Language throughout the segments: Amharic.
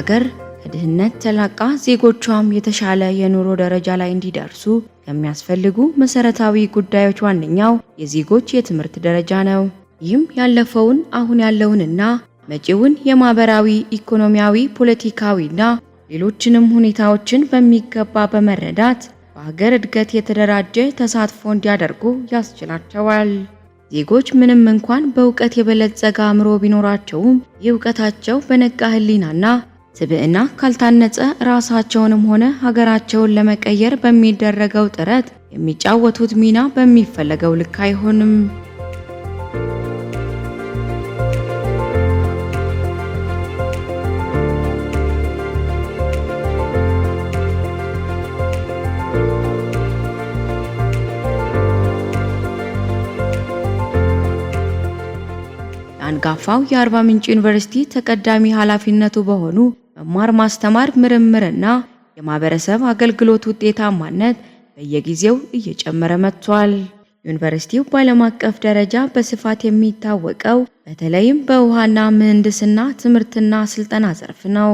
ሀገር ከድህነት ተላቃ ዜጎቿም የተሻለ የኑሮ ደረጃ ላይ እንዲደርሱ ከሚያስፈልጉ መሰረታዊ ጉዳዮች ዋነኛው የዜጎች የትምህርት ደረጃ ነው። ይህም ያለፈውን አሁን ያለውንና መጪውን የማህበራዊ፣ ኢኮኖሚያዊ፣ ፖለቲካዊና ሌሎችንም ሁኔታዎችን በሚገባ በመረዳት በሀገር እድገት የተደራጀ ተሳትፎ እንዲያደርጉ ያስችላቸዋል። ዜጎች ምንም እንኳን በእውቀት የበለጸገ አእምሮ ቢኖራቸውም የእውቀታቸው በነቃ ህሊናና። ስብዕና ካልታነጸ ራሳቸውንም ሆነ ሀገራቸውን ለመቀየር በሚደረገው ጥረት የሚጫወቱት ሚና በሚፈለገው ልክ አይሆንም። አንጋፋው የአርባ ምንጭ ዩኒቨርሲቲ ተቀዳሚ ኃላፊነቱ በሆኑ መማር ማስተማር፣ ምርምርና የማህበረሰብ አገልግሎት ውጤታማነት በየጊዜው እየጨመረ መጥቷል። ዩኒቨርሲቲው በዓለም አቀፍ ደረጃ በስፋት የሚታወቀው በተለይም በውሃና ምህንድስና ትምህርትና ስልጠና ዘርፍ ነው።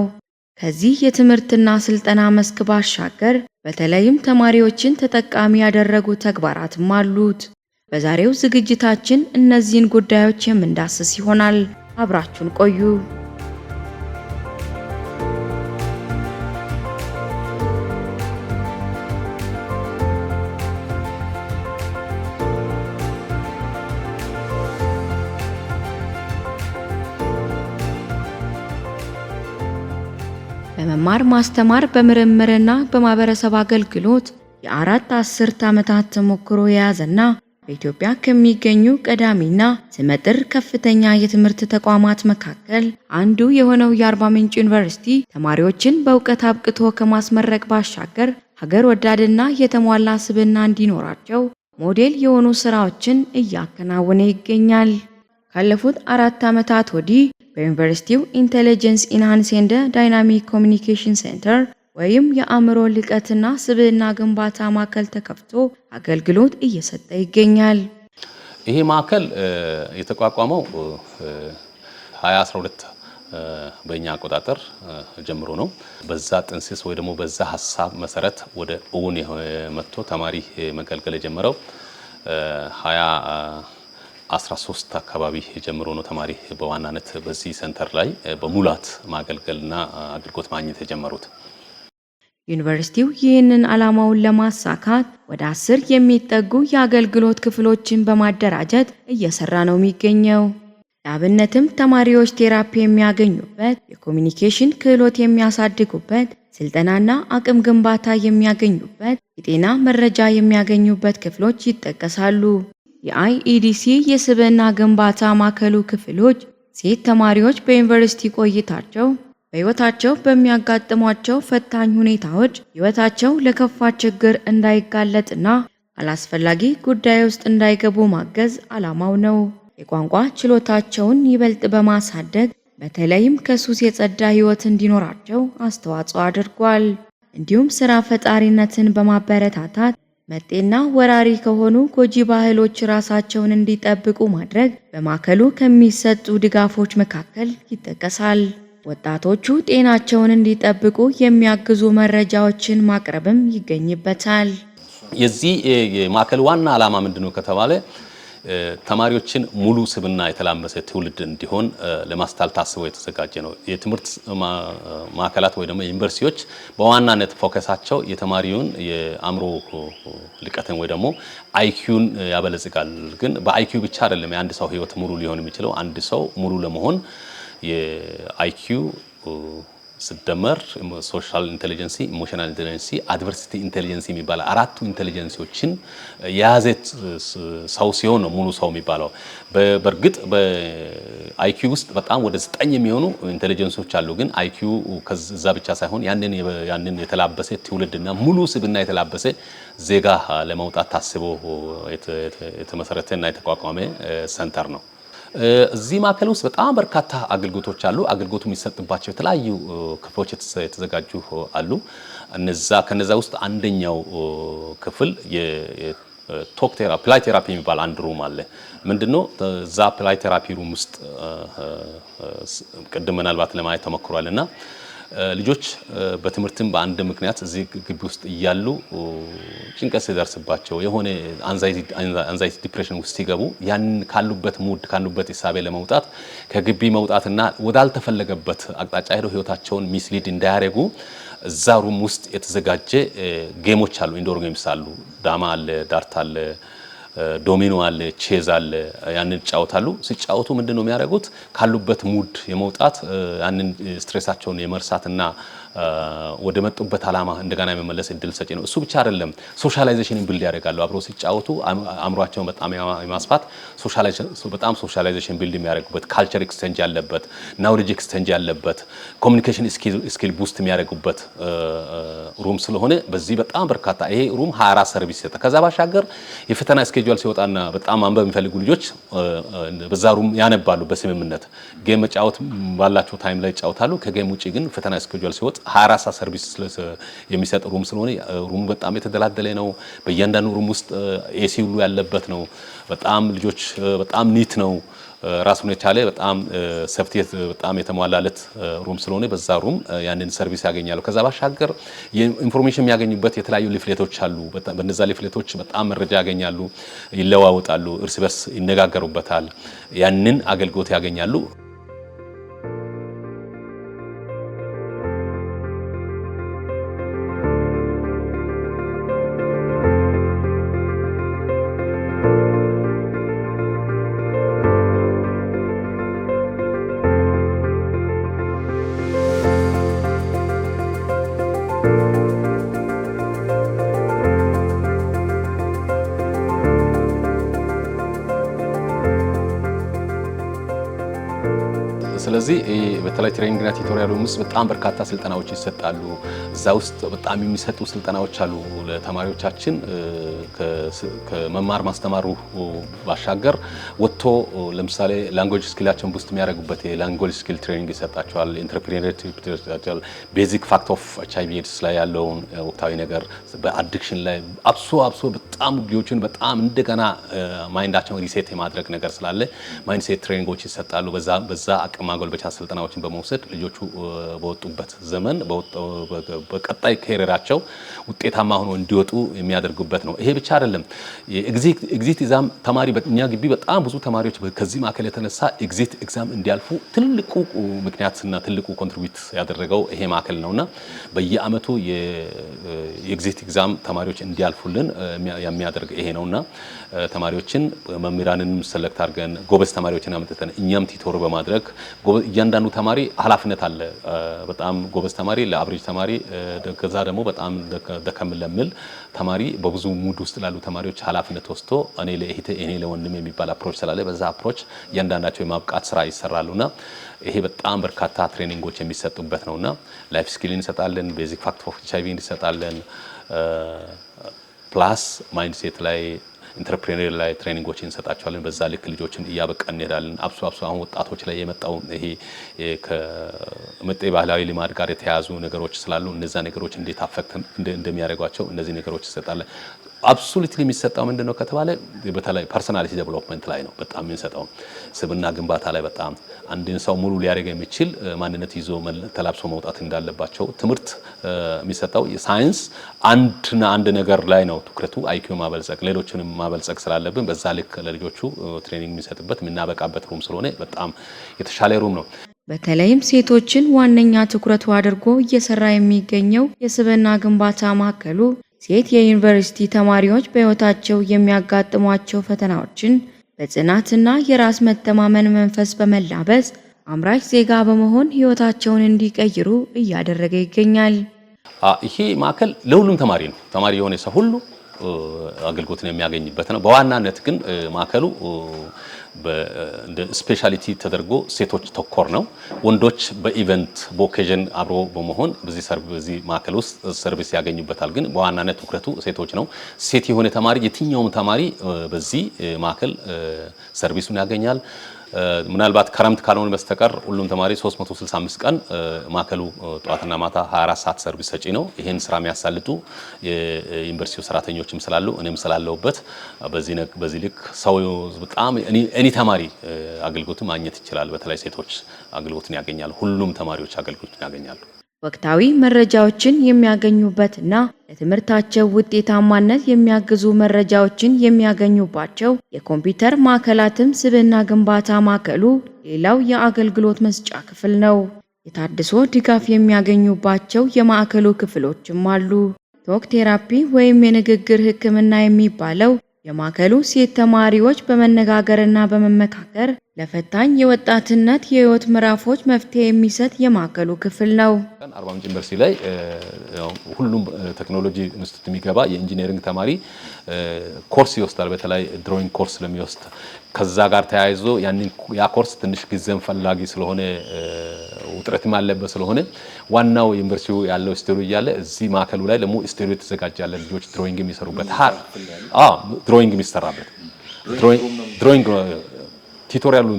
ከዚህ የትምህርትና ስልጠና መስክ ባሻገር በተለይም ተማሪዎችን ተጠቃሚ ያደረጉ ተግባራትም አሉት። በዛሬው ዝግጅታችን እነዚህን ጉዳዮች የምንዳስስ ይሆናል። አብራችሁን ቆዩ። በመማር ማስተማር በምርምርና በማህበረሰብ አገልግሎት የአራት አስርት ዓመታት ተሞክሮ የያዘና በኢትዮጵያ ከሚገኙ ቀዳሚና ስመጥር ከፍተኛ የትምህርት ተቋማት መካከል አንዱ የሆነው የአርባ ምንጭ ዩኒቨርሲቲ ተማሪዎችን በእውቀት አብቅቶ ከማስመረቅ ባሻገር ሀገር ወዳድና የተሟላ ስብዕና እንዲኖራቸው ሞዴል የሆኑ ስራዎችን እያከናወነ ይገኛል። ካለፉት አራት ዓመታት ወዲህ በዩኒቨርሲቲው ኢንቴሊጀንስ ኢንሃንሴንደ ዳይናሚክ ኮሚኒኬሽን ሴንተር ወይም የአእምሮ ልቀትና ስብዕና ግንባታ ማዕከል ተከፍቶ አገልግሎት እየሰጠ ይገኛል። ይሄ ማዕከል የተቋቋመው 2012 በእኛ አቆጣጠር ጀምሮ ነው። በዛ ጥንስስ ወይ ደግሞ በዛ ሀሳብ መሰረት ወደ እውን መጥቶ ተማሪ መገልገል የጀመረው 2013 አካባቢ ጀምሮ ነው። ተማሪ በዋናነት በዚህ ሰንተር ላይ በሙላት ማገልገልና አገልግሎት ማግኘት የጀመሩት ዩኒቨርሲቲው ይህንን ዓላማውን ለማሳካት ወደ አስር የሚጠጉ የአገልግሎት ክፍሎችን በማደራጀት እየሰራ ነው የሚገኘው። ለአብነትም ተማሪዎች ቴራፒ የሚያገኙበት፣ የኮሚኒኬሽን ክህሎት የሚያሳድጉበት፣ ስልጠናና አቅም ግንባታ የሚያገኙበት፣ የጤና መረጃ የሚያገኙበት ክፍሎች ይጠቀሳሉ። የአይኢዲሲ የስብዕና ግንባታ ማዕከሉ ክፍሎች ሴት ተማሪዎች በዩኒቨርሲቲ ቆይታቸው በሕይወታቸው በሚያጋጥሟቸው ፈታኝ ሁኔታዎች ሕይወታቸው ለከፋ ችግር እንዳይጋለጥና አላስፈላጊ ጉዳይ ውስጥ እንዳይገቡ ማገዝ ዓላማው ነው። የቋንቋ ችሎታቸውን ይበልጥ በማሳደግ በተለይም ከሱስ የጸዳ ሕይወት እንዲኖራቸው አስተዋጽኦ አድርጓል። እንዲሁም ሥራ ፈጣሪነትን በማበረታታት መጤና ወራሪ ከሆኑ ጎጂ ባህሎች ራሳቸውን እንዲጠብቁ ማድረግ በማዕከሉ ከሚሰጡ ድጋፎች መካከል ይጠቀሳል። ወጣቶቹ ጤናቸውን እንዲጠብቁ የሚያግዙ መረጃዎችን ማቅረብም ይገኝበታል። የዚህ ማዕከል ዋና ዓላማ ምንድን ነው ከተባለ ተማሪዎችን ሙሉ ስብና የተላመሰ ትውልድ እንዲሆን ለማስታል ታስቦ የተዘጋጀ ነው። የትምህርት ማዕከላት ወይ ደግሞ ዩኒቨርሲቲዎች በዋናነት ፎከሳቸው የተማሪውን የአእምሮ ልቀትን ወይ ደግሞ አይኪዩን ያበለጽጋል። ግን በአይኪዩ ብቻ አይደለም የአንድ ሰው ሕይወት ሙሉ ሊሆን የሚችለው አንድ ሰው ሙሉ ለመሆን የአይኪዩ ስደመር ሶሻል ኢንቴሊጀንሲ፣ ኢሞሽናል ኢንቴሊጀንሲ፣ አድቨርሲቲ ኢንቴሊጀንሲ የሚባለ አራቱ ኢንቴሊጀንሲዎችን የያዘ ሰው ሲሆን ነው ሙሉ ሰው የሚባለው። በእርግጥ በአይኪዩ ውስጥ በጣም ወደ ዘጠኝ የሚሆኑ ኢንቴሊጀንሲዎች አሉ። ግን አይኪዩ ከዛ ብቻ ሳይሆን ያንን የተላበሰ ትውልድና ሙሉ ስብና የተላበሰ ዜጋ ለመውጣት ታስቦ የተመሰረተ እና የተቋቋመ ሰንተር ነው። እዚህ ማዕከል ውስጥ በጣም በርካታ አገልግሎቶች አሉ። አገልግሎቱ የሚሰጥባቸው የተለያዩ ክፍሎች የተዘጋጁ አሉ። እነዛ ከነዛ ውስጥ አንደኛው ክፍል ቶክ ቴራፒ ፕላይ ቴራፒ የሚባል አንድ ሩም አለ። ምንድነው እዛ ፕላይ ቴራፒ ሩም ውስጥ ቅድም ምናልባት ለማየት እና ልጆች በትምህርትም በአንድ ምክንያት እዚህ ግቢ ውስጥ እያሉ ጭንቀት ሲደርስባቸው የሆነ አንዛይቲ ዲፕሬሽን ውስጥ ሲገቡ ያን ካሉበት ሙድ ካሉበት እሳቤ ለመውጣት ከግቢ መውጣትና ወዳልተፈለገበት አቅጣጫ ሄደው ህይወታቸውን ሚስሊድ እንዳያደርጉ እዛ ሩም ውስጥ የተዘጋጀ ጌሞች አሉ። ኢንዶር ጌምስ አሉ። ዳማ አለ፣ ዳርት አለ ዶሚኖ አለ፣ ቼዝ አለ። ያንን ይጫወታሉ። ሲጫወቱ ምንድን ነው የሚያደርጉት? ካሉበት ሙድ የመውጣት ያንን ስትሬሳቸውን የመርሳትና ወደ መጡበት ዓላማ እንደገና የመመለስ እድል ሰጪ ነው። እሱ ብቻ አይደለም፣ ሶሻላይዜሽንን ቢልድ ያደርጋሉ። አብሮ ሲጫወቱ አእምሯቸውን በጣም የማስፋት በጣም ሶሻላይዜሽን ቢልድ የሚያደርጉበት ካልቸር ኤክስቼንጅ ያለበት ናውሌጅ ኤክስቼንጅ ያለበት ኮሚኒኬሽን ስኪል ቡስት የሚያደርጉበት ሩም ስለሆነ በዚህ በጣም በርካታ ይሄ ሩም 24 ሰርቪስ ይሰጣል። ከዛ ባሻገር የፈተና ስኬጁል ሲወጣና በጣም አንበብ የሚፈልጉ ልጆች በዛ ሩም ያነባሉ። በስምምነት ጌም መጫወት ባላቸው ታይም ላይ ይጫወታሉ። ከጌም ውጭ ግን ፈተና ስኬጁል ሲወጥ 24 ሰርቪስ የሚሰጥ ሩም ስለሆነ ሩሙ በጣም የተደላደለ ነው። በእያንዳንዱ ሩም ውስጥ ኤሲ ሁሉ ያለበት ነው። በጣም ልጆች በጣም ኒት ነው። ራሱን የቻለ በጣም ሰፍቲ በጣም የተሟላለት ሩም ስለሆነ በዛ ሩም ያንን ሰርቪስ ያገኛሉ። ከዛ ባሻገር ኢንፎርሜሽን የሚያገኙበት የተለያዩ ሊፍሌቶች አሉ። በነዛ ሊፍሌቶች በጣም መረጃ ያገኛሉ፣ ይለዋወጣሉ፣ እርስ በርስ ይነጋገሩበታል። ያንን አገልግሎት ያገኛሉ። በትሬኒንግ እና ቲዩቶሪያል ውስጥ በጣም በርካታ ስልጠናዎች ይሰጣሉ። እዛ ውስጥ በጣም የሚሰጡ ስልጠናዎች አሉ ለተማሪዎቻችን ከመማር ማስተማሩ ባሻገር ወጥቶ ለምሳሌ ላንጎጅ ስኪላቸውን ቡስት የሚያደርጉበት የላንጎጅ ስኪል ትሬኒንግ ይሰጣቸዋል። ኢንተርፕሪነርሺፕ ይሰጣቸዋል። ቤዚክ ፋክት ኦፍ ኤች አይ ቪ ኤድስ ላይ ያለውን ወቅታዊ ነገር በአዲክሽን ላይ አብሶ አብሶ በጣም ጉዮችን በጣም እንደገና ማይንዳቸውን ሪሴት የማድረግ ነገር ስላለ ማይንድሴት ትሬኒንጎች ይሰጣሉ። በዛ አቅም ማጎልበቻ ስልጠናዎችን በመውሰድ መውሰድ ልጆቹ በወጡበት ዘመን በቀጣይ ከሄረራቸው ውጤታማ ሆኖ እንዲወጡ የሚያደርጉበት ነው። ይሄ ብቻ አይደለም። ኤግዚት ኤግዛም ተማሪ እኛ ግቢ በጣም ብዙ ተማሪዎች ከዚህ ማዕከል የተነሳ ኤግዚት ኤግዛም እንዲያልፉ ትልቁ ምክንያትና ትልቁ ኮንትሪቢዩት ያደረገው ይሄ ማዕከል ነውና በየአመቱ የኤግዚት ኤግዛም ተማሪዎች እንዲያልፉልን የሚያደርግ ይሄ ነውና ተማሪዎችን መምህራንንም ሰለክት አድርገን ጎበዝ ተማሪዎችን አመጥተን እኛም ቲቶር በማድረግ እያንዳንዱ ተማሪ ኃላፊነት አለ። በጣም ጎበዝ ተማሪ ለአብሬጅ ተማሪ ከዛ ደግሞ በጣም ደከም ለምል ተማሪ በብዙ ሙድ ውስጥ ላሉ ተማሪዎች ኃላፊነት ወስዶ እኔ ለእህቴ እኔ ለወንድም የሚባል አፕሮች ስላለ በዛ አፕሮች እያንዳንዳቸው የማብቃት ስራ ይሰራሉና ይሄ በጣም በርካታ ትሬኒንጎች የሚሰጡበት ነውና ላይፍ ስኪል እንሰጣለን፣ ቤዚክ ፋክት ኦፍ ኤች አይ ቪ እንሰጣለን፣ ፕላስ ማይንድሴት ላይ ኢንተርፕሬነር ላይ ትሬኒንጎች እንሰጣቸዋለን። በዛ ልክ ልጆችን እያበቃ እንሄዳለን። አብሶ አብሶ አሁን ወጣቶች ላይ የመጣው ይሄ ከመጤ ባህላዊ ልማድ ጋር የተያያዙ ነገሮች ስላሉ እነዛ ነገሮች እንዴት አፈክት እንደሚያደርጓቸው እነዚህ ነገሮች ይሰጣለን። አብሶሉትሊ የሚሰጠው ምንድን ነው ከተባለ በተለይ ፐርሶናሊቲ ዴቨሎፕመንት ላይ ነው በጣም የሚሰጠው ስብና ግንባታ ላይ በጣም አንድን ሰው ሙሉ ሊያደርግ የሚችል ማንነት ይዞ ተላብሶ መውጣት እንዳለባቸው ትምህርት የሚሰጠው ሳይንስ አንድና አንድ ነገር ላይ ነው ትኩረቱ። አይኪዩ ማበልጸግ ሌሎችንም ማበልጸግ ስላለብን በዛ ልክ ለልጆቹ ትሬኒንግ የሚሰጥበት የምናበቃበት ሩም ስለሆነ በጣም የተሻለ ሩም ነው። በተለይም ሴቶችን ዋነኛ ትኩረቱ አድርጎ እየሰራ የሚገኘው የስብዕና ግንባታ ማዕከሉ ሴት የዩኒቨርሲቲ ተማሪዎች በሕይወታቸው የሚያጋጥሟቸው ፈተናዎችን በጽናትና የራስ መተማመን መንፈስ በመላበስ አምራች ዜጋ በመሆን ህይወታቸውን እንዲቀይሩ እያደረገ ይገኛል። ይሄ ማዕከል ለሁሉም ተማሪ ነው። ተማሪ የሆነ ሰው ሁሉ አገልግሎትን የሚያገኝበት ነው። በዋናነት ግን ማዕከሉ ስፔሻሊቲ ተደርጎ ሴቶች ተኮር ነው። ወንዶች በኢቨንት በኦኬዥን አብሮ በመሆን በዚህ ማዕከል ውስጥ ሰርቪስ ያገኙበታል። ግን በዋናነት ትኩረቱ ሴቶች ነው። ሴት የሆነ ተማሪ የትኛውም ተማሪ በዚህ ማዕከል ሰርቪሱን ያገኛል። ምናልባት ክረምት ካልሆነ በስተቀር ሁሉም ተማሪ 365 ቀን ማዕከሉ ጠዋትና ማታ 24 ሰዓት ሰርቪስ ሰጪ ነው። ይህን ስራ የሚያሳልጡ የዩኒቨርሲቲው ሰራተኞችም ስላሉ እኔም ስላለሁበት በዚህ ልክ ሰው በጣም እኔ ተማሪ አገልግሎት ማግኘት ይችላል። በተለይ ሴቶች አገልግሎትን ያገኛሉ። ሁሉም ተማሪዎች አገልግሎትን ያገኛሉ። ወቅታዊ መረጃዎችን የሚያገኙበትና ለትምህርታቸው ውጤታማነት የሚያግዙ መረጃዎችን የሚያገኙባቸው የኮምፒውተር ማዕከላትም ስብዕና ግንባታ ማዕከሉ ሌላው የአገልግሎት መስጫ ክፍል ነው። የታድሶ ድጋፍ የሚያገኙባቸው የማዕከሉ ክፍሎችም አሉ። ቶክ ቴራፒ ወይም የንግግር ሕክምና የሚባለው የማዕከሉ ሴት ተማሪዎች በመነጋገርና በመመካከር ለፈታኝ የወጣትነት የህይወት ምዕራፎች መፍትሄ የሚሰጥ የማዕከሉ ክፍል ነው። አርባ ምንጭ ዩኒቨርሲቲ ላይ ሁሉም ቴክኖሎጂ ኢንስቲትዩት የሚገባ የኢንጂነሪንግ ተማሪ ኮርስ ይወስዳል። በተለይ ድሮይንግ ኮርስ ለሚወስድ ከዛ ጋር ተያይዞ ያንን ያ ኮርስ ትንሽ ጊዜም ፈላጊ ስለሆነ ውጥረትም አለበት ስለሆነ ዋናው ዩኒቨርሲቲ ያለው ስቴሪ እያለ እዚህ ማዕከሉ ላይ ደግሞ ስቴዲዮ የተዘጋጃለ ልጆች ድሮይንግ የሚሰሩበት ድሮይንግ የሚሰራበት ድሮይንግ ቲቶሪያሉ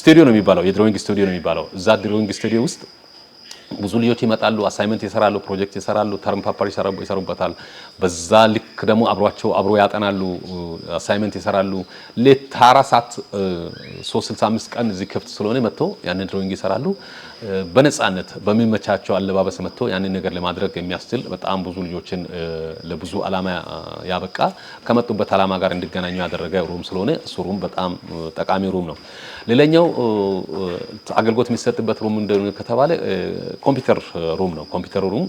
ስቱዲዮ ነው የሚባለው፣ የድሮዊንግ ስቱዲዮ ነው የሚባለው። እዛ ድሮዊንግ ስቱዲዮ ውስጥ ብዙ ልጆች ይመጣሉ፣ አሳይመንት ይሰራሉ፣ ፕሮጀክት ይሰራሉ፣ ተርም ፓፐር ይሰሩበታል፣ በዛ ልክ ደግሞ አብሯቸው አብሮ ያጠናሉ፣ አሳይመንት ይሰራሉ። ሌት 24 ሰዓት 365 ቀን እዚህ ክፍት ስለሆነ መጥቶ ያንን ድሮይንግ ይሰራሉ። በነፃነት በሚመቻቸው አለባበስ መጥቶ ያንን ነገር ለማድረግ የሚያስችል በጣም ብዙ ልጆችን ለብዙ አላማ ያበቃ ከመጡበት አላማ ጋር እንዲገናኙ ያደረገ ሩም ስለሆነ እሱ ሩም በጣም ጠቃሚ ሩም ነው። ሌላኛው አገልግሎት የሚሰጥበት ሩም እንደሆነ ከተባለ ኮምፒውተር ሩም ነው። ኮምፒውተር ሩም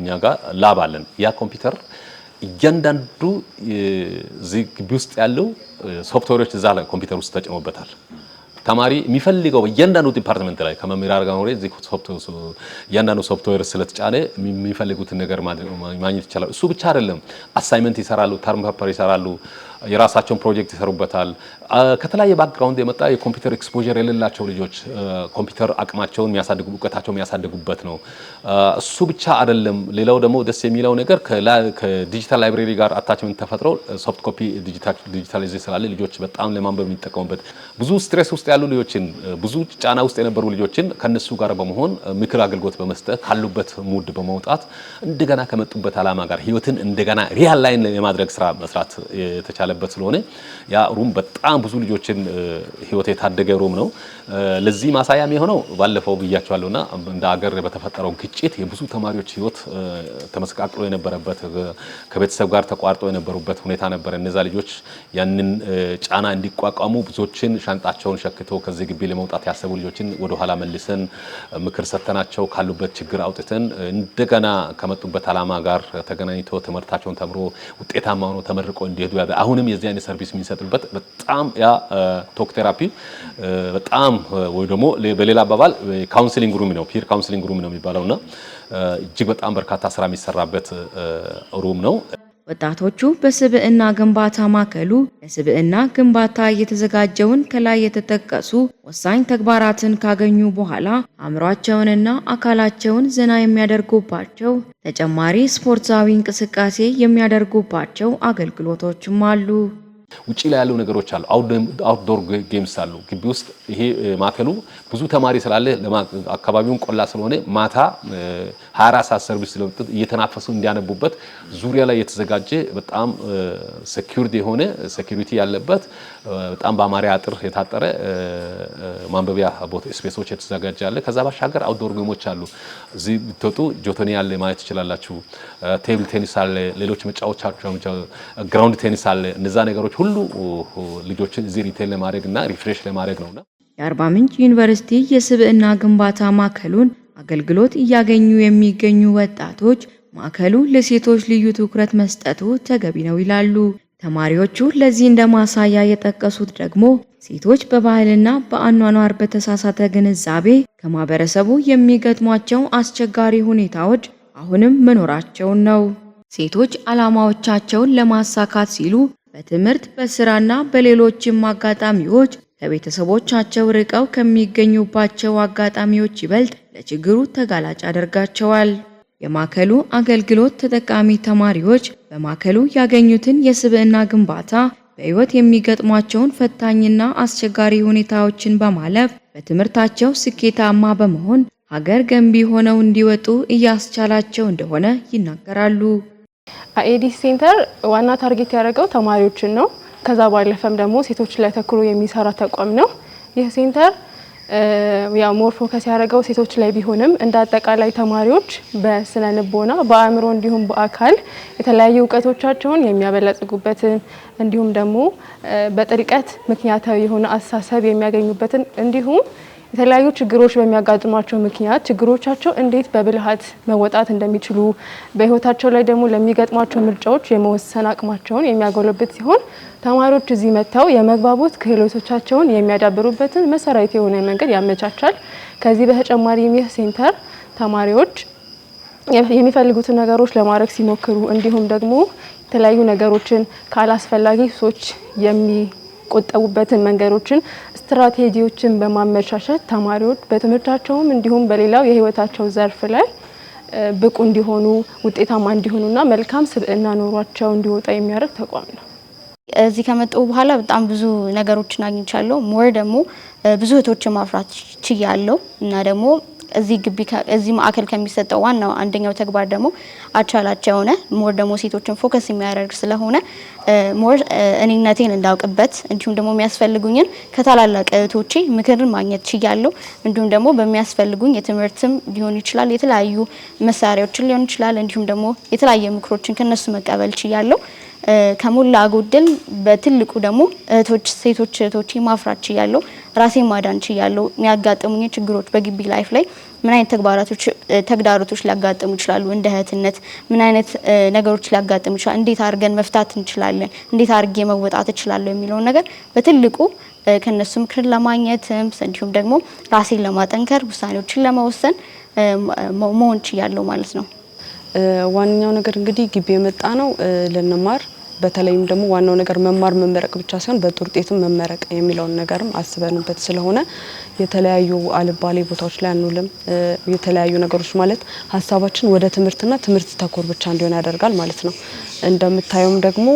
እኛ ጋር ላብ አለን። ያ ኮምፒውተር እያንዳንዱ እዚህ ግቢ ውስጥ ያለው ሶፍትዌሮች እዛ ላይ ኮምፒውተር ውስጥ ተጭኖበታል። ተማሪ የሚፈልገው እያንዳንዱ ዲፓርትመንት ላይ ከመምህራን ጋር እያንዳንዱ ሶፍትዌር ስለተጫነ የሚፈልጉትን ነገር ማግኘት ይቻላል። እሱ ብቻ አይደለም፣ አሳይመንት ይሰራሉ፣ ተርም ፓፐር ይሰራሉ፣ የራሳቸውን ፕሮጀክት ይሰሩበታል። ከተለያየ ባክግራውንድ የመጣ የኮምፒውተር ኤክስፖዠር የሌላቸው ልጆች ኮምፒውተር አቅማቸውን የሚያሳድጉ እውቀታቸው የሚያሳድጉበት ነው። እሱ ብቻ አይደለም። ሌላው ደግሞ ደስ የሚለው ነገር ከዲጂታል ላይብሬሪ ጋር አታችመንት ተፈጥሮ ሶፍት ኮፒ ዲጂታላይዜ ስላለ ልጆች በጣም ለማንበብ የሚጠቀሙበት ብዙ ስትሬስ ውስጥ ያሉ ልጆችን ብዙ ጫና ውስጥ የነበሩ ልጆችን ከነሱ ጋር በመሆን ምክር አገልግሎት በመስጠት ካሉበት ሙድ በመውጣት እንደገና ከመጡበት አላማ ጋር ህይወትን እንደገና ሪያል ላይን የማድረግ ስራ መስራት የተቻለ የተቻለበት ስለሆነ ያ ሩም በጣም ብዙ ልጆችን ህይወት የታደገ ሩም ነው። ለዚህ ማሳያም የሆነው ባለፈው ብያቸዋለሁና እንደ አገር በተፈጠረው ግጭት የብዙ ተማሪዎች ህይወት ተመስቃቅሎ የነበረበት ከቤተሰብ ጋር ተቋርጦ የነበሩበት ሁኔታ ነበረ። እነዛ ልጆች ያንን ጫና እንዲቋቋሙ ብዙዎችን ሻንጣቸውን ሸክቶ ከዚህ ግቢ ለመውጣት ያሰቡ ልጆችን ወደኋላ መልሰን ምክር ሰተናቸው ካሉበት ችግር አውጥተን እንደገና ከመጡበት አላማ ጋር ተገናኝቶ ትምህርታቸውን ተምሮ ውጤታማ ሆኖ ተመርቆ እንዲሄዱ አሁን አሁንም የዚህ አይነት ሰርቪስ የሚሰጥበት በጣም ያ ቶክ ቴራፒ በጣም ወይ ደግሞ በሌላ አባባል ካውንስሊንግ ሩም ነው፣ ፒር ካውንስሊንግ ሩም ነው የሚባለውና እጅግ በጣም በርካታ ስራ የሚሰራበት ሩም ነው። ወጣቶቹ በስብዕና ግንባታ ማዕከሉ ለስብዕና ግንባታ እየተዘጋጀውን ከላይ የተጠቀሱ ወሳኝ ተግባራትን ካገኙ በኋላ አእምሯቸውንና አካላቸውን ዘና የሚያደርጉባቸው ተጨማሪ ስፖርታዊ እንቅስቃሴ የሚያደርጉባቸው አገልግሎቶችም አሉ። ውጭ ላይ ያለው ነገሮች አሉ፣ አውትዶር ጌምስ አሉ። ግቢ ውስጥ ይሄ ማዕከሉ ብዙ ተማሪ ስላለ አካባቢውን ቆላ ስለሆነ ማታ 24 ሰዓት ሰርቪስ ስለመጠጥ እየተናፈሱ እንዲያነቡበት ዙሪያ ላይ የተዘጋጀ በጣም ሴኪዩርድ የሆነ ሴኪዩሪቲ ያለበት በጣም በአማሪ አጥር የታጠረ ማንበቢያ ስፔሶች የተዘጋጀ አለ። ከዛ ባሻገር አውትዶር ጌሞች አሉ። እዚህ ብትወጡ ጆቶኒ አለ ማየት ትችላላችሁ። ቴብል ቴኒስ አለ፣ ሌሎች መጫወቻ ግራውንድ ቴኒስ አለ። እነዛ ነገሮች ሁሉ ልጆችን እዚህ ሪቴል ለማድረግ እና ሪፍሬሽ ለማድረግ ነውና የአርባ ምንጭ ዩኒቨርሲቲ የስብዕና ግንባታ ማዕከሉን አገልግሎት እያገኙ የሚገኙ ወጣቶች ማዕከሉ ለሴቶች ልዩ ትኩረት መስጠቱ ተገቢ ነው ይላሉ። ተማሪዎቹ ለዚህ እንደ ማሳያ የጠቀሱት ደግሞ ሴቶች በባህልና በአኗኗር በተሳሳተ ግንዛቤ ከማህበረሰቡ የሚገጥሟቸው አስቸጋሪ ሁኔታዎች አሁንም መኖራቸውን ነው። ሴቶች ዓላማዎቻቸውን ለማሳካት ሲሉ በትምህርት በስራና በሌሎችም አጋጣሚዎች ከቤተሰቦቻቸው ርቀው ከሚገኙባቸው አጋጣሚዎች ይበልጥ ለችግሩ ተጋላጭ አደርጋቸዋል። የማዕከሉ አገልግሎት ተጠቃሚ ተማሪዎች በማዕከሉ ያገኙትን የስብዕና ግንባታ በሕይወት የሚገጥሟቸውን ፈታኝና አስቸጋሪ ሁኔታዎችን በማለፍ በትምህርታቸው ስኬታማ በመሆን ሀገር ገንቢ ሆነው እንዲወጡ እያስቻላቸው እንደሆነ ይናገራሉ። አኤዲስ ሴንተር ዋና ታርጌት ያደረገው ተማሪዎችን ነው። ከዛ ባለፈም ደግሞ ሴቶች ላይ ተኩሮ የሚሰራ ተቋም ነው። ይህ ሴንተር ያው ሞር ፎከስ ያደረገው ሴቶች ላይ ቢሆንም እንደ አጠቃላይ ተማሪዎች በስነ ልቦና፣ በአእምሮ እንዲሁም በአካል የተለያዩ እውቀቶቻቸውን የሚያበለጽጉበትን እንዲሁም ደግሞ በጥልቀት ምክንያታዊ የሆነ አስተሳሰብ የሚያገኙበትን እንዲሁም የተለያዩ ችግሮች በሚያጋጥሟቸው ምክንያት ችግሮቻቸው እንዴት በብልሃት መወጣት እንደሚችሉ በህይወታቸው ላይ ደግሞ ለሚገጥሟቸው ምርጫዎች የመወሰን አቅማቸውን የሚያጎለብት ሲሆን ተማሪዎች እዚህ መጥተው የመግባቦት ክህሎቶቻቸውን የሚያዳብሩበትን መሰረታዊ የሆነ መንገድ ያመቻቻል። ከዚህ በተጨማሪ ይህ ሴንተር ተማሪዎች የሚፈልጉትን ነገሮች ለማድረግ ሲሞክሩ እንዲሁም ደግሞ የተለያዩ ነገሮችን ካላስፈላጊ ሶች የሚ የሚቆጠቡበትን መንገዶችን፣ ስትራቴጂዎችን በማመቻቸት ተማሪዎች በትምህርታቸውም እንዲሁም በሌላው የህይወታቸው ዘርፍ ላይ ብቁ እንዲሆኑ ውጤታማ እንዲሆኑና መልካም ስብዕና ኖሯቸው እንዲወጣ የሚያደርግ ተቋም ነው። እዚህ ከመጡ በኋላ በጣም ብዙ ነገሮችን አግኝቻለሁ። ሞር ደግሞ ብዙ እህቶችን ማፍራት ችያለሁ እና ደግሞ እዚህ ግቢ እዚህ ማዕከል ከሚሰጠው ዋናው አንደኛው ተግባር ደግሞ አቻላቸው የሆነ ሞር ደግሞ ሴቶችን ፎከስ የሚያደርግ ስለሆነ ሞር እኔነቴን እንዳውቅበት እንዲሁም ደግሞ የሚያስፈልጉኝን ከታላላቅ እህቶቼ ምክርን ማግኘት ችያለሁ። እንዲሁም ደግሞ በሚያስፈልጉኝ የትምህርትም ሊሆን ይችላል የተለያዩ መሳሪያዎችን ሊሆን ይችላል እንዲሁም ደግሞ የተለያየ ምክሮችን ከነሱ መቀበል ችያለሁ። ከሞላ ጎደል በትልቁ ደግሞ እህቶች ሴቶች እህቶቼ ማፍራት ችያለሁ። ራሴን ማዳን ችያለሁ፣ የሚያጋጥሙኝ ችግሮች በግቢ ላይፍ ላይ ምን አይነት ተግባራቶች ተግዳሮቶች ሊያጋጥሙ ይችላሉ፣ እንደ እህትነት ምን አይነት ነገሮች ሊያጋጥሙ ይችላል፣ እንዴት አድርገን መፍታት እንችላለን፣ እንዴት አድርጌ መወጣት እችላለሁ የሚለውን ነገር በትልቁ ከነሱ ምክር ለማግኘትም እንዲሁም ደግሞ ራሴን ለማጠንከር ውሳኔዎችን ለመወሰን መሆን ችያለሁ ማለት ነው። ዋነኛው ነገር እንግዲህ ግቢ የመጣ ነው ልንማር በተለይም ደግሞ ዋናው ነገር መማር መመረቅ ብቻ ሳይሆን በጥሩ ውጤትም መመረቅ የሚለውን ነገርም አስበንበት ስለሆነ የተለያዩ አልባሌ ቦታዎች ላይ አንውልም። የተለያዩ ነገሮች ማለት ሀሳባችን ወደ ትምህርትና ትምህርት ተኮር ብቻ እንዲሆን ያደርጋል ማለት ነው። እንደምታየውም ደግሞ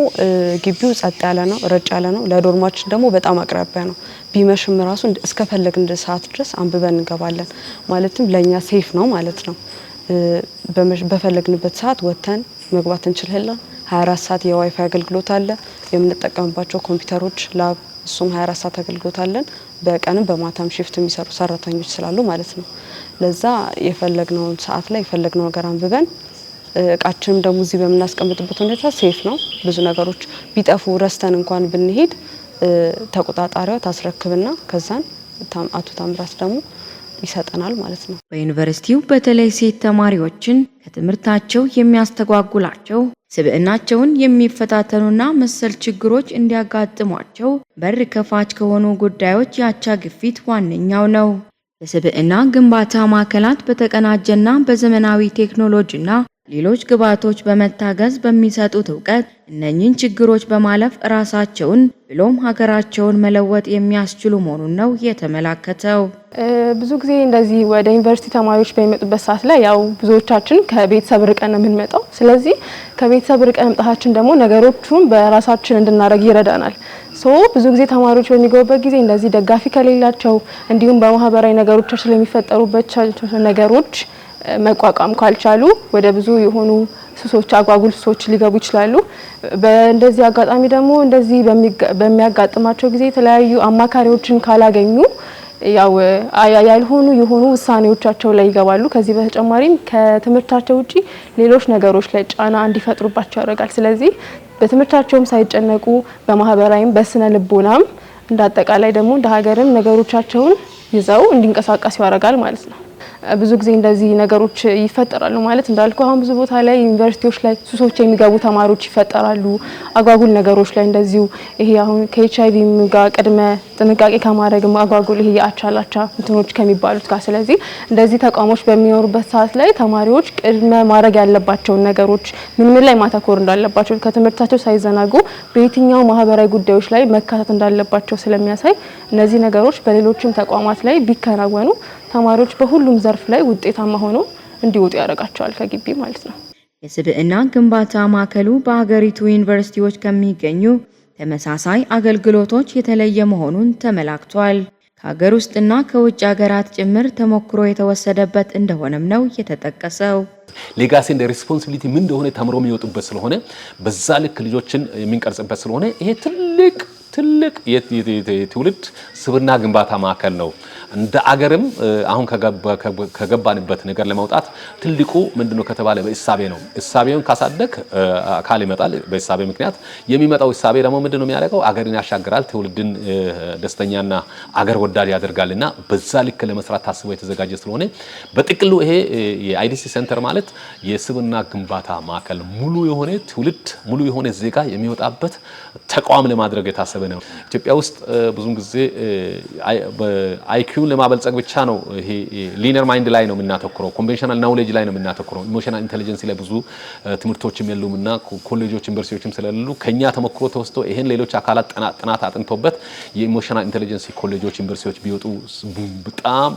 ግቢው ጸጥ ያለ ነው፣ ረጭ ያለ ነው። ለዶርማችን ደግሞ በጣም አቅራቢያ ነው። ቢመሽም ራሱ እስከፈለግን ሰዓት ድረስ አንብበን እንገባለን። ማለትም ለእኛ ሴፍ ነው ማለት ነው። በፈለግንበት ሰዓት ወጥተን መግባት እንችላለን። 24 ሰዓት የዋይፋይ አገልግሎት አለ። የምንጠቀምባቸው ኮምፒውተሮች ላብ፣ እሱም 24 ሰዓት አገልግሎት አለን። በቀንም በማታም ሽፍት የሚሰሩ ሰራተኞች ስላሉ ማለት ነው። ለዛ የፈለግነውን ሰዓት ላይ የፈለግነው ነገር አንብበን እቃችንም ደግሞ እዚህ በምናስቀምጥበት ሁኔታ ሴፍ ነው። ብዙ ነገሮች ቢጠፉ ረስተን እንኳን ብንሄድ ተቆጣጣሪዋ ታስረክብና ከዛን አቶ ታምራት ደግሞ ይሰጠናል ማለት ነው። በዩኒቨርሲቲው በተለይ ሴት ተማሪዎችን ከትምህርታቸው የሚያስተጓጉላቸው ስብዕናቸውን የሚፈታተኑና መሰል ችግሮች እንዲያጋጥሟቸው በር ከፋች ከሆኑ ጉዳዮች የአቻ ግፊት ዋነኛው ነው። የስብዕና ግንባታ ማዕከላት በተቀናጀና በዘመናዊ ቴክኖሎጂና ሌሎች ግብዓቶች በመታገዝ በሚሰጡት እውቀት እነኚህን ችግሮች በማለፍ ራሳቸውን ብሎም ሀገራቸውን መለወጥ የሚያስችሉ መሆኑን ነው የተመላከተው። ብዙ ጊዜ እንደዚህ ወደ ዩኒቨርሲቲ ተማሪዎች በሚመጡበት ሰዓት ላይ ያው ብዙዎቻችን ከቤተሰብ ርቀን ነው የምንመጣው። ስለዚህ ከቤተሰብ ርቀን መምጣታችን ደግሞ ነገሮቹን በራሳችን እንድናደርግ ይረዳናል። ሶ ብዙ ጊዜ ተማሪዎች በሚገቡበት ጊዜ እንደዚህ ደጋፊ ከሌላቸው እንዲሁም በማህበራዊ ነገሮቻችን ለሚፈጠሩበት ነገሮች መቋቋም ካልቻሉ ወደ ብዙ የሆኑ ሱሶች፣ አጓጉል ሱሶች ሊገቡ ይችላሉ። በእንደዚህ አጋጣሚ ደግሞ እንደዚህ በሚያጋጥማቸው ጊዜ የተለያዩ አማካሪዎችን ካላገኙ ያው ያልሆኑ የሆኑ ውሳኔዎቻቸው ላይ ይገባሉ። ከዚህ በተጨማሪም ከትምህርታቸው ውጪ ሌሎች ነገሮች ላይ ጫና እንዲፈጥሩባቸው ያደርጋል። ስለዚህ በትምህርታቸውም ሳይጨነቁ በማህበራዊም በስነ ልቦናም እንዳጠቃላይ ደግሞ እንደ ሀገርም ነገሮቻቸውን ይዘው እንዲንቀሳቀሱ ያደርጋል ማለት ነው። ብዙ ጊዜ እንደዚህ ነገሮች ይፈጠራሉ። ማለት እንዳልኩ አሁን ብዙ ቦታ ላይ ዩኒቨርሲቲዎች ላይ ሱሶች የሚገቡ ተማሪዎች ይፈጠራሉ። አጓጉል ነገሮች ላይ እንደዚሁ ይሄ አሁን ከኤች አይቪ ጋር ቅድመ ጥንቃቄ ከማድረግ አጓጉል ይሄ የአቻላቻ እንትኖች ከሚባሉት ጋር ስለዚህ እንደዚህ ተቋሞች በሚኖሩበት ሰዓት ላይ ተማሪዎች ቅድመ ማድረግ ያለባቸውን ነገሮች ምን ምን ላይ ማተኮር እንዳለባቸው ከትምህርታቸው ሳይዘናጉ በየትኛው ማህበራዊ ጉዳዮች ላይ መካተት እንዳለባቸው ስለሚያሳይ እነዚህ ነገሮች በሌሎችም ተቋማት ላይ ቢከናወኑ ተማሪዎች በሁሉም ዘ ዘርፍ ላይ ውጤታማ ሆኖ እንዲወጡ ያደርጋቸዋል ከግቢ ማለት ነው። የስብዕና ግንባታ ማዕከሉ በሀገሪቱ ዩኒቨርሲቲዎች ከሚገኙ ተመሳሳይ አገልግሎቶች የተለየ መሆኑን ተመላክቷል። ከሀገር ውስጥና ከውጭ ሀገራት ጭምር ተሞክሮ የተወሰደበት እንደሆነም ነው የተጠቀሰው። ሌጋሲ እንደ ሪስፖንሲቢሊቲ ምን እንደሆነ ተምሮ የሚወጡበት ስለሆነ በዛ ልክ ልጆችን የሚንቀርጽበት ስለሆነ ይሄ ትልቅ ትልቅ የትውልድ ስብና ግንባታ ማዕከል ነው። እንደ አገርም አሁን ከገባንበት ነገር ለመውጣት ትልቁ ምንድነው ከተባለ በእሳቤ ነው። እሳቤውን ካሳደግ አካል ይመጣል። በእሳቤ ምክንያት የሚመጣው እሳቤ ደግሞ ምንድነው የሚያደርገው? አገርን ያሻግራል፣ ትውልድን ደስተኛና አገር ወዳድ ያደርጋል። እና በዛ ልክ ለመስራት ታስቦ የተዘጋጀ ስለሆነ በጥቅሉ ይሄ የአይዲሲ ሴንተር ማለት የስብና ግንባታ ማዕከል ሙሉ የሆነ ትውልድ ሙሉ የሆነ ዜጋ የሚወጣበት ተቋም ለማድረግ የታሰበ የተገደበ ነው። ኢትዮጵያ ውስጥ ብዙም ጊዜ አይኪውን ለማበልጸግ ብቻ ነው ይሄ ሊነር ማይንድ ላይ ነው የምናተኩረው፣ ኮንቬንሽናል ናውሌጅ ላይ ነው የምናተኩረው። ኢሞሽናል ኢንቴሊጀንስ ላይ ብዙ ትምህርቶችም የሉም እና ኮሌጆች ዩኒቨርሲቲዎችም ስለሌሉ ከኛ ተሞክሮ ተወስቶ ይሄን ሌሎች አካላት ጥናት አጥንቶበት የኢሞሽናል ኢንቴሊጀንስ ኮሌጆች ዩኒቨርሲቲዎች ቢወጡ በጣም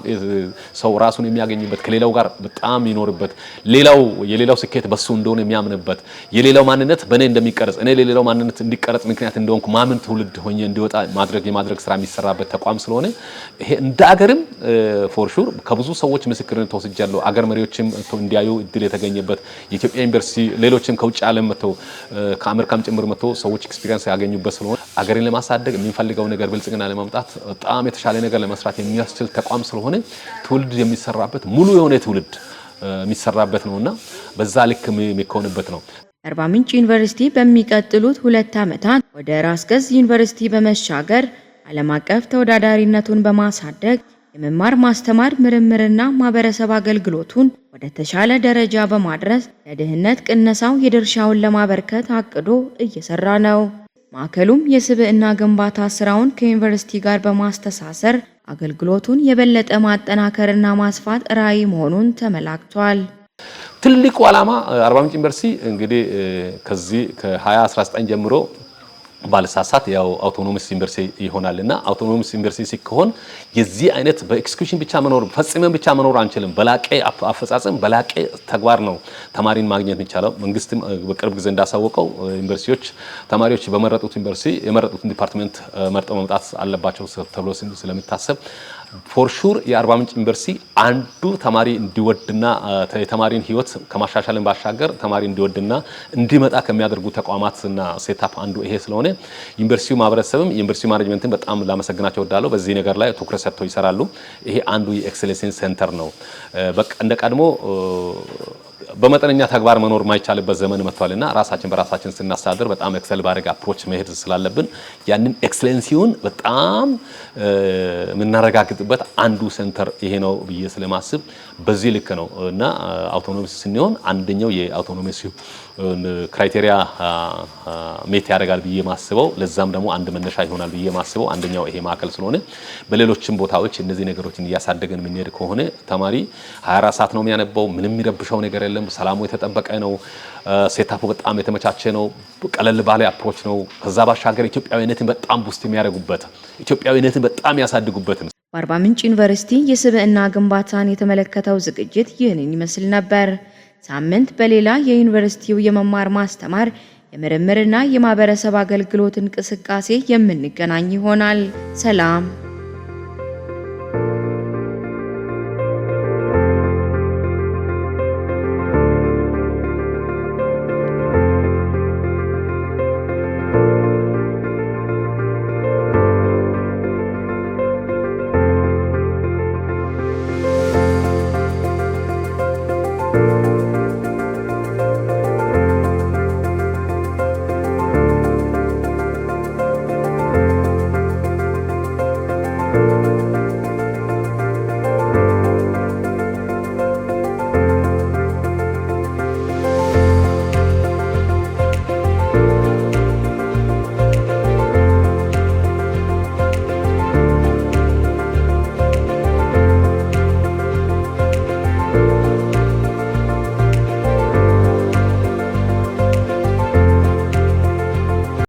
ሰው ራሱን የሚያገኝበት ከሌላው ጋር በጣም ይኖርበት ሌላው የሌላው ስኬት በሱ እንደሆነ የሚያምንበት የሌላው ማንነት በእኔ እንደሚቀረጽ እኔ ለሌላው ማንነት እንዲቀረጽ ምክንያት እንደሆንኩ ማምን ትውልድ ሆኜ እንዲወጣ ማድረግ የማድረግ ስራ የሚሰራበት ተቋም ስለሆነ ይሄ እንደ አገርም ፎር ሹር ከብዙ ሰዎች ምስክርነት ተወስጃለሁ። አገር መሪዎችም እንዲያዩ እድል የተገኘበት የኢትዮጵያ ዩኒቨርሲቲ ሌሎችም ከውጭ ዓለም መጥተው ከአሜሪካም ጭምር መጥተው ሰዎች ኤክስፒሪንስ ያገኙበት ስለሆነ አገርን ለማሳደግ የሚፈልገው ነገር ብልጽግና ለማምጣት በጣም የተሻለ ነገር ለመስራት የሚያስችል ተቋም ስለሆነ ትውልድ የሚሰራበት ሙሉ የሆነ ትውልድ የሚሰራበት ነውና በዛ ልክ የሚከውንበት ነው። አርባ ምንጭ ዩኒቨርሲቲ በሚቀጥሉት ሁለት ዓመታት ወደ ራስ ገዝ ዩኒቨርሲቲ በመሻገር ዓለም አቀፍ ተወዳዳሪነቱን በማሳደግ የመማር ማስተማር ምርምርና ማህበረሰብ አገልግሎቱን ወደ ተሻለ ደረጃ በማድረስ ለድህነት ቅነሳው የድርሻውን ለማበርከት አቅዶ እየሰራ ነው። ማዕከሉም የስብዕና ግንባታ ስራውን ከዩኒቨርሲቲ ጋር በማስተሳሰር አገልግሎቱን የበለጠ ማጠናከርና ማስፋት ራዕይ መሆኑን ተመላክቷል። ትልቁ ዓላማ አርባ ምንጭ ዩኒቨርሲቲ እንግዲህ ከዚህ ከ2019 ጀምሮ ባለሳሳት ያው አውቶኖሚስ ዩኒቨርሲቲ ይሆናል እና አውቶኖሚስ ዩኒቨርሲቲ ሲሆን የዚህ አይነት በኤክስኪዩሽን ብቻ መኖር ፈጽመን ብቻ መኖር አንችልም። በላቀ አፈጻጸም በላቀ ተግባር ነው ተማሪን ማግኘት የሚቻለው። መንግስትም በቅርብ ጊዜ እንዳሳወቀው ዩኒቨርሲቲዎች ተማሪዎች በመረጡት ዩኒቨርሲቲ የመረጡትን ዲፓርትመንት መርጠው መምጣት አለባቸው ተብሎ ስለሚታሰብ ፎር ሹር የአርባ ምንጭ ዩኒቨርሲቲ አንዱ ተማሪ እንዲወድና የተማሪን ህይወት ከማሻሻልን ባሻገር ተማሪ እንዲወድና እንዲመጣ ከሚያደርጉ ተቋማትና ሴታፕ አንዱ ይሄ ስለሆነ ዩኒቨርሲቲው ማህበረሰብም ዩኒቨርሲቲ ማኔጅመንትን በጣም ላመሰግናቸው እወዳለሁ። በዚህ ነገር ላይ ትኩረት ሰጥተው ይሰራሉ። ይሄ አንዱ የኤክሰሌንስ ሴንተር ነው። በቃ እንደ ቀድሞ በመጠነኛ ተግባር መኖር ማይቻልበት ዘመን መጥቷልና ራሳችን በራሳችን ስናስተዳድር በጣም ኤክሰል ባደረግ አፕሮች መሄድ ስላለብን ያንን ኤክሰለንሲውን በጣም የምናረጋግጥበት አንዱ ሴንተር ይሄ ነው ብዬ ስለማስብ በዚህ ልክ ነው እና አውቶኖሚስ ስንሆን አንደኛው የአውቶኖሚስ ክራይቴሪያ ሜት ያደርጋል ብዬ ማስበው ለዛም ደግሞ አንድ መነሻ ይሆናል ብዬ ማስበው አንደኛው ይሄ ማዕከል ስለሆነ በሌሎችም ቦታዎች እነዚህ ነገሮችን እያሳደገን የምንሄድ ከሆነ ተማሪ 24 ሰዓት ነው የሚያነባው። ምንም የሚረብሸው ነገር የለም። ሰላሙ የተጠበቀ ነው። ሴታፑ በጣም የተመቻቸ ነው። ቀለል ባለ አፕሮች ነው። ከዛ ባሻገር ኢትዮጵያዊነትን በጣም ቡስት የሚያደርጉበት ኢትዮጵያዊነትን በጣም ያሳድጉበት ነው። በአርባ ምንጭ ዩኒቨርሲቲ የስብዕና ግንባታን የተመለከተው ዝግጅት ይህንን ይመስል ነበር። ሳምንት በሌላ የዩኒቨርሲቲው የመማር ማስተማር የምርምርና የማህበረሰብ አገልግሎት እንቅስቃሴ የምንገናኝ ይሆናል። ሰላም።